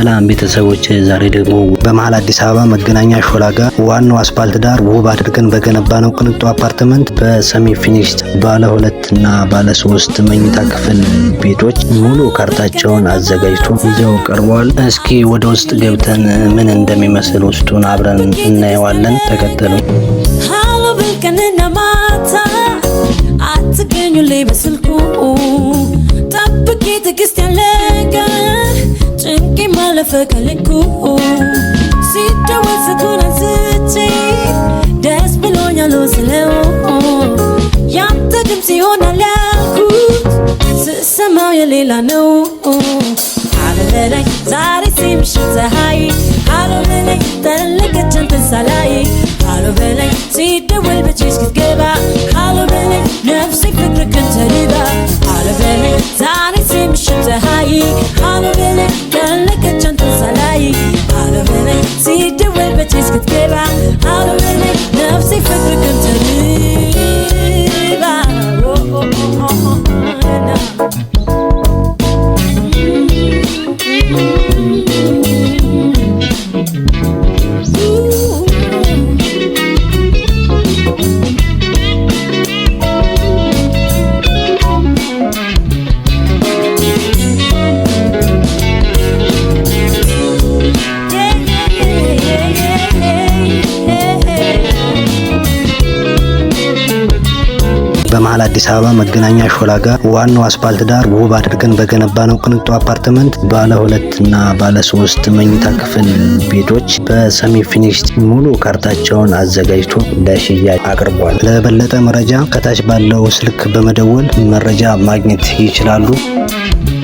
ሰላም ቤተሰቦች፣ ዛሬ ደግሞ በመሀል አዲስ አበባ መገናኛ ሾላ ጋር ዋናው አስፓልት ዳር ውብ አድርገን በገነባ ነው ቅንጡ አፓርትመንት በሰሚ ፊኒክስ ባለ ሁለት እና ባለ ሶስት መኝታ ክፍል ቤቶች ሙሉ ካርታቸውን አዘጋጅቶ ይዘው ቀርበዋል። እስኪ ወደ ውስጥ ገብተን ምን እንደሚመስል ውስጡን አብረን እናየዋለን። ተከተሉ። አትገኙ ላይ በስልኩ ጠብቄ ትግስት ያለ ማለፈ ከልኩ ሲደወል ስልኩን አንስቼ ደስ ብሎኛል ስለው ያንተ ድምፅ ይሆናል ያልኩት ስሰማው የሌላ ነው አለበለኝ ዛሬ ሲምሽት ፀሐይ አለበለኝ ጠለቀች አንተሳ ላይ አለበለኝ ሲደወል በቼሽ ስትገባ አለበለኝ ነፍሴ ፍቅርክን ተሪባ አለበለኝ ዛሬ ሲምሽት ፀሐይ አለበለኝ በመሀል አዲስ አበባ መገናኛ ሾላ ጋር ዋናው አስፓልት ዳር ውብ አድርገን በገነባ ነው። ቅንጡ አፓርትመንት ባለ ሁለትና ባለ ሶስት መኝታ ክፍል ቤቶች በሰሚ ፊኒሽ ሙሉ ካርታቸውን አዘጋጅቶ ለሽያጭ አቅርቧል። ለበለጠ መረጃ ከታች ባለው ስልክ በመደወል መረጃ ማግኘት ይችላሉ።